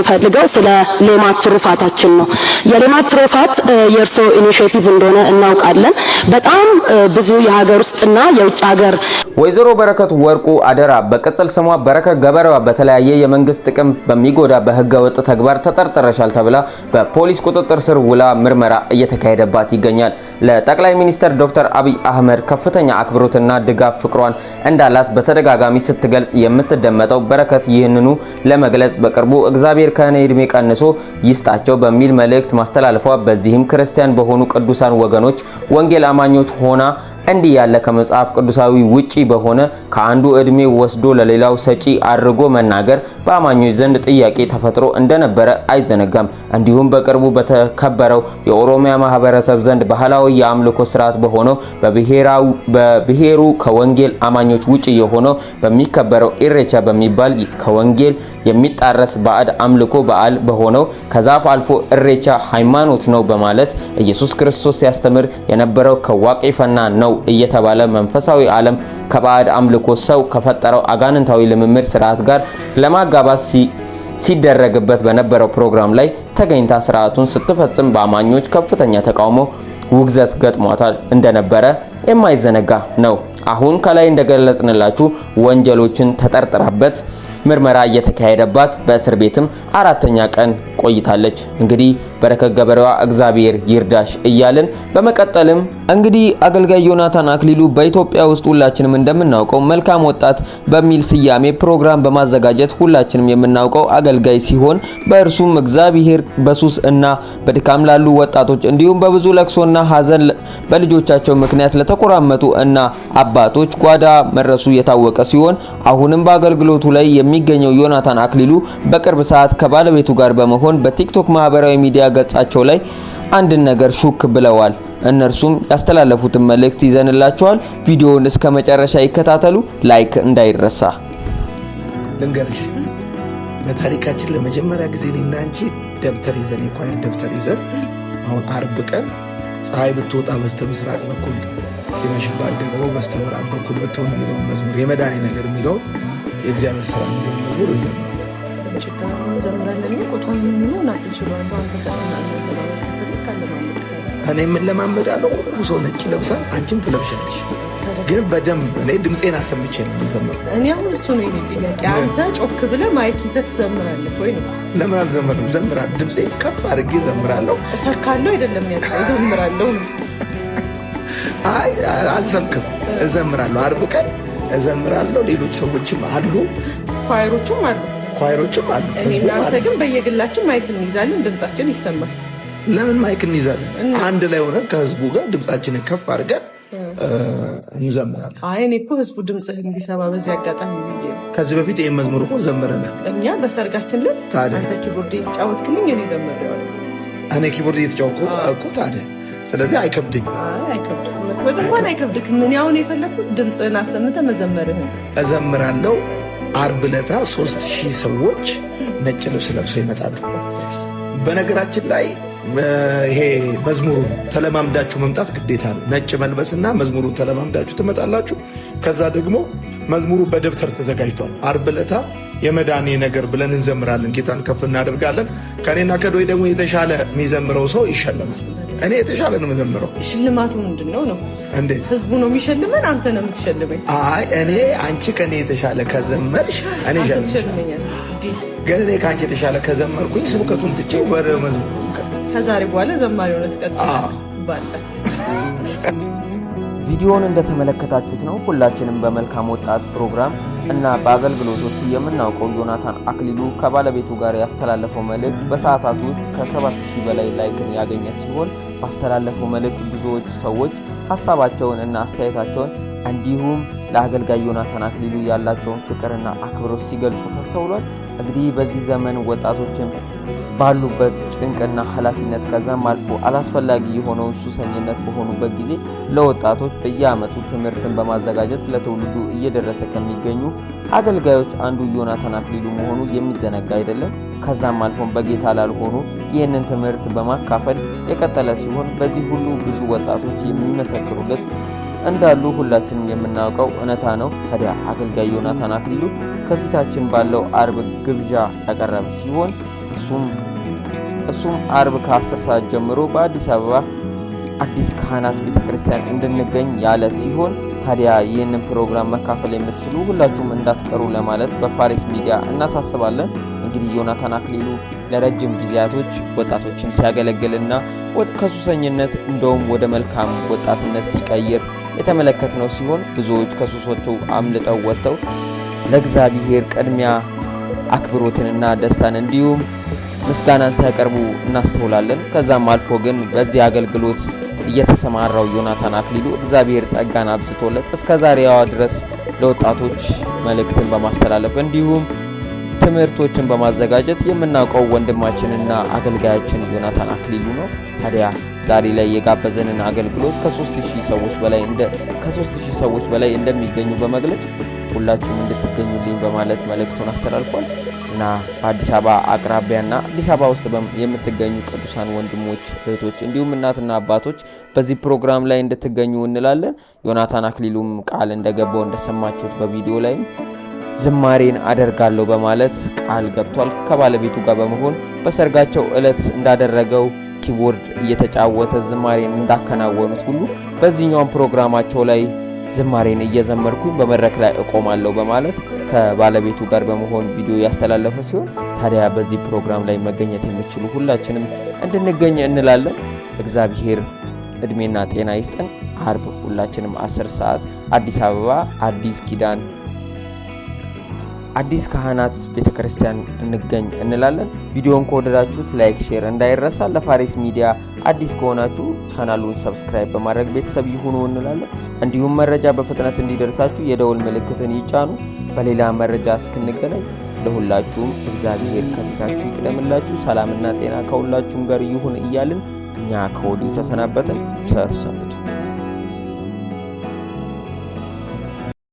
የምፈልገው ስለ ሌማት ትሩፋታችን ነው። የሌማት ትሩፋት የእርስዎ ኢኒሼቲቭ እንደሆነ እናውቃለን። በጣም ብዙ የሀገር ውስጥና የውጭ ሀገር ወይዘሮ በረከት ወርቁ አደራ በቅጽል ስሟ በረከት ገበሬዋ በተለያየ የመንግስት ጥቅም በሚጎዳ በህገ ወጥ ተግባር ተጠርጥረሻል ተብላ በፖሊስ ቁጥጥር ስር ውላ ምርመራ እየተካሄደባት ይገኛል። ለጠቅላይ ሚኒስትር ዶክተር አብይ አህመድ ከፍተኛ አክብሮትና ድጋፍ ፍቅሯን እንዳላት በተደጋጋሚ ስትገልጽ የምትደመጠው በረከት ይህንኑ ለመግለጽ በቅርቡ እግዚአብሔር እግዚአብሔር ከእኔ ቀንሶ ይስጣቸው በሚል መልእክት ማስተላለፏ በዚህም ክርስቲያን በሆኑ ቅዱሳን ወገኖች ወንጌል አማኞች ሆና እንዲህ ያለ ከመጽሐፍ ቅዱሳዊ ውጪ በሆነ ከአንዱ ዕድሜ ወስዶ ለሌላው ሰጪ አድርጎ መናገር በአማኞች ዘንድ ጥያቄ ተፈጥሮ እንደነበረ አይዘነጋም። እንዲሁም በቅርቡ በተከበረው የኦሮሚያ ማህበረሰብ ዘንድ ባህላዊ የአምልኮ ስርዓት በሆነው በብሔሩ ከወንጌል አማኞች ውጪ የሆነው በሚከበረው ኢሬቻ በሚባል ከወንጌል የሚጣረስ ባዕድ አምልኮ በዓል በሆነው ከዛፍ አልፎ ኢሬቻ ሃይማኖት ነው በማለት ኢየሱስ ክርስቶስ ሲያስተምር የነበረው ከዋቄፈና ነው ነው እየተባለ መንፈሳዊ ዓለም ከባዕድ አምልኮ ሰው ከፈጠረው አጋንንታዊ ልምምድ ስርዓት ጋር ለማጋባት ሲደረግበት በነበረው ፕሮግራም ላይ ተገኝታ ስርዓቱን ስትፈጽም በአማኞች ከፍተኛ ተቃውሞ፣ ውግዘት ገጥሟታል እንደነበረ የማይዘነጋ ነው። አሁን ከላይ እንደገለጽንላችሁ ወንጀሎችን ተጠርጥራበት ምርመራ እየተካሄደባት በእስር ቤትም አራተኛ ቀን ቆይታለች። እንግዲህ በረከት ገበሬዋ እግዚአብሔር ይርዳሽ እያልን በመቀጠልም እንግዲህ አገልጋይ ዮናታን አክሊሉ በኢትዮጵያ ውስጥ ሁላችንም እንደምናውቀው መልካም ወጣት በሚል ስያሜ ፕሮግራም በማዘጋጀት ሁላችንም የምናውቀው አገልጋይ ሲሆን በእርሱም እግዚአብሔር በሱስ እና በድካም ላሉ ወጣቶች እንዲሁም በብዙ ለቅሶና ሐዘን በልጆቻቸው ምክንያት ለተኮራመቱ እና አባቶች ጓዳ መድረሱ የታወቀ ሲሆን አሁንም በአገልግሎቱ ላይ የሚገኘው ዮናታን አክሊሉ በቅርብ ሰዓት ከባለቤቱ ጋር በመሆን ሲሆን በቲክቶክ ማህበራዊ ሚዲያ ገጻቸው ላይ አንድን ነገር ሹክ ብለዋል። እነርሱም ያስተላለፉትን መልእክት ይዘንላቸዋል። ቪዲዮውን እስከ መጨረሻ ይከታተሉ፣ ላይክ እንዳይረሳ። ልንገርሽ፣ በታሪካችን ለመጀመሪያ ጊዜ እኔና አንቺ ደብተር ይዘን የኳየር ደብተር ይዘን አሁን አርብ ቀን ፀሐይ ብትወጣ በስተ ምስራቅ በኩል ሲመሽባት ደግሞ በስተ ምዕራብ በኩል ብትሆን የሚለውን መዝሙር የመድኃኔ ነገር የሚለውን የእግዚአብሔር ስራ የሚለውን መዝሙር ይዘን እንዘምራለን። ቁጥሩን ምኑ ናቅ በአንድ እኔ የምንለማመዳለው ሁሉ ሰው ነጭ ለብሳል፣ አንቺም ትለብሻለሽ። ግን በደንብ እኔ ድምፄን አሰምቼ ነው የምዘምረው። እኔ አሁን እሱ ነው የኔ ጥያቄ። አንተ ጮክ ብለህ ማይክ ይዘህ ትዘምራለህ ወይ ነው? ለምን አልዘምርም? ዘምራለሁ። ድምፄ ከፍ አድርጌ ዘምራለሁ። እሰካለሁ አይደለም ያለው፣ ዘምራለሁ ነው? አይ አልሰብክም፣ እዘምራለሁ። አርብ ቀን እዘምራለሁ። ሌሎች ሰዎችም አሉ፣ ኳይሮቹም አሉ ኳይሮችም አሉ። እናንተ ግን በየግላችን ማይክ እንይዛለን፣ ድምጻችን ይሰማል። ለምን ማይክ እንይዛለን? አንድ ላይ ሆነ ከህዝቡ ጋር ድምጻችንን ከፍ አድርገን እንዘምራለን። አይ እኔ እኮ ህዝቡ ድምፅ እንዲሰማ በዚህ አጋጣሚ ከዚህ በፊት ይህን መዝሙር እኮ ዘምረናል እኛ በሰርጋችን ለት። ታዲያ አንተ ኪቦርድ ክልኝ እኔ ዘምሬዋለሁ። እኔ ኪቦርድ እየተጫወትኩ አልኩ። ታዲያ ስለዚህ አይከብድኝ አይከብድም፣ አይከብድም። እኔ አሁን የፈለግኩት ድምፅህን አሰምተህ መዘመርህ ነው። እዘምራለሁ አርብ ለታ ሶስት ሺህ ሰዎች ነጭ ልብስ ለብሶ ይመጣሉ። በነገራችን ላይ ይሄ መዝሙሩን ተለማምዳችሁ መምጣት ግዴታ ነው። ነጭ መልበስና መዝሙሩን ተለማምዳችሁ ትመጣላችሁ። ከዛ ደግሞ መዝሙሩ በደብተር ተዘጋጅቷል። አርብ ለታ የመዳኔ ነገር ብለን እንዘምራለን። ጌታን ከፍ እናደርጋለን። ከኔና ከዶይ ደግሞ የተሻለ የሚዘምረው ሰው ይሸለማል። እኔ የተሻለ ነው መዘምረው። ሽልማቱ ምንድን ነው ነው? እንዴት ህዝቡ ነው የሚሸልመን? አንተ ነው የምትሸልመኝ? አይ እኔ አንቺ ከእኔ የተሻለ ከዘመርሽ እኔ ሸልመኛል። ግን እኔ ከአንቺ የተሻለ ከዘመርኩኝ ስብከቱን ትቼ ወደ መዝሙሩ ከዛሬ በኋላ ዘማሪ ሆነ ትቀጥላለህ። ቪዲዮውን እንደተመለከታችሁት ነው። ሁላችንም በመልካም ወጣት ፕሮግራም እና በአገልግሎቶች የምናውቀው ዮናታን አክሊሉ ከባለቤቱ ጋር ያስተላለፈው መልእክት በሰዓታት ውስጥ ከ7000 በላይ ላይክን ያገኘ ሲሆን ባስተላለፈው መልእክት ብዙዎች ሰዎች ሀሳባቸውን እና አስተያየታቸውን እንዲሁም ለአገልጋይ ዮናታን አክሊሉ ያላቸውን ፍቅርና አክብሮት ሲገልጹ ተስተውሏል። እንግዲህ በዚህ ዘመን ወጣቶችም ባሉበት ጭንቅና ኃላፊነት ከዛም አልፎ አላስፈላጊ የሆነውን ሱሰኝነት በሆኑበት ጊዜ ለወጣቶች በየዓመቱ ትምህርትን በማዘጋጀት ለትውልዱ እየደረሰ ከሚገኙ አገልጋዮች አንዱ ዮናታን አክሊሉ መሆኑ የሚዘነጋ አይደለም። ከዛም አልፎም በጌታ ላልሆኑ ይህንን ትምህርት በማካፈል የቀጠለ ሲሆን በዚህ ሁሉ ብዙ ወጣቶች የሚመሰክሩለት እንዳሉ ሁላችንም የምናውቀው እውነታ ነው። ታዲያ አገልጋይ ዮናታን አክሊሉ ከፊታችን ባለው አርብ ግብዣ ያቀረበ ሲሆን እሱም አርብ ከ10 ሰዓት ጀምሮ በአዲስ አበባ አዲስ ካህናት ቤተክርስቲያን እንድንገኝ ያለ ሲሆን ታዲያ ይህንን ፕሮግራም መካፈል የምትችሉ ሁላችሁም እንዳትቀሩ ለማለት በፋሪስ ሚዲያ እናሳስባለን። እንግዲህ ዮናታን አክሊሉ ለረጅም ጊዜያቶች ወጣቶችን ሲያገለግልና ከሱሰኝነት እንደውም ወደ መልካም ወጣትነት ሲቀይር የተመለከትነው ሲሆን ብዙዎች ከሱሶቹ አምልጠው ወጥተው ለእግዚአብሔር ቅድሚያ አክብሮትንና ደስታን እንዲሁም ምስጋናን ሲያቀርቡ እናስተውላለን። ከዛም አልፎ ግን በዚህ አገልግሎት የተሰማራው ዮናታን አክሊሉ እግዚአብሔር ጸጋን አብዝቶለት እስከ ዛሬዋ ድረስ ለወጣቶች መልእክትን በማስተላለፍ እንዲሁም ትምህርቶችን በማዘጋጀት የምናውቀው ወንድማችንና አገልጋያችን ዮናታን አክሊሉ ነው። ታዲያ ዛሬ ላይ የጋበዘንን አገልግሎት ከሶስት 3000 ሰዎች በላይ እንደ ከ3000 ሰዎች በላይ እንደሚገኙ በመግለጽ ሁላችሁም እንድትገኙልኝ በማለት መልእክቱን አስተላልፏል። እና በአዲስ አበባ አቅራቢያና አዲስ አበባ ውስጥ የምትገኙ ቅዱሳን ወንድሞች እህቶች፣ እንዲሁም እናትና አባቶች በዚህ ፕሮግራም ላይ እንድትገኙ እንላለን። ዮናታን አክሊሉም ቃል እንደገባው እንደሰማችሁት በቪዲዮ ላይም ዝማሬን አደርጋለሁ በማለት ቃል ገብቷል። ከባለቤቱ ጋር በመሆን በሰርጋቸው ዕለት እንዳደረገው ኪቦርድ እየተጫወተ ዝማሬን እንዳከናወኑት ሁሉ በዚህኛውም ፕሮግራማቸው ላይ ዝማሬን እየዘመርኩኝ በመድረክ ላይ እቆማለሁ በማለት ከባለቤቱ ጋር በመሆን ቪዲዮ ያስተላለፈ ሲሆን ታዲያ በዚህ ፕሮግራም ላይ መገኘት የምችሉ ሁላችንም እንድንገኝ እንላለን። እግዚአብሔር እድሜና ጤና ይስጠን። አርብ ሁላችንም አስር ሰዓት አዲስ አበባ አዲስ ኪዳን አዲስ ካህናት ቤተ ክርስቲያን እንገኝ እንላለን። ቪዲዮን ከወደዳችሁት ላይክ፣ ሼር እንዳይረሳ። ለፋሪስ ሚዲያ አዲስ ከሆናችሁ ቻናሉን ሰብስክራይብ በማድረግ ቤተሰብ ይሁኑ እንላለን። እንዲሁም መረጃ በፍጥነት እንዲደርሳችሁ የደወል ምልክትን ይጫኑ። በሌላ መረጃ እስክንገናኝ ለሁላችሁም እግዚአብሔር ከፊታችሁ ይቅደምላችሁ፣ ሰላምና ጤና ከሁላችሁም ጋር ይሁን እያልን እኛ ከወዲሁ ተሰናበትን። ቸር ሰንብቱ።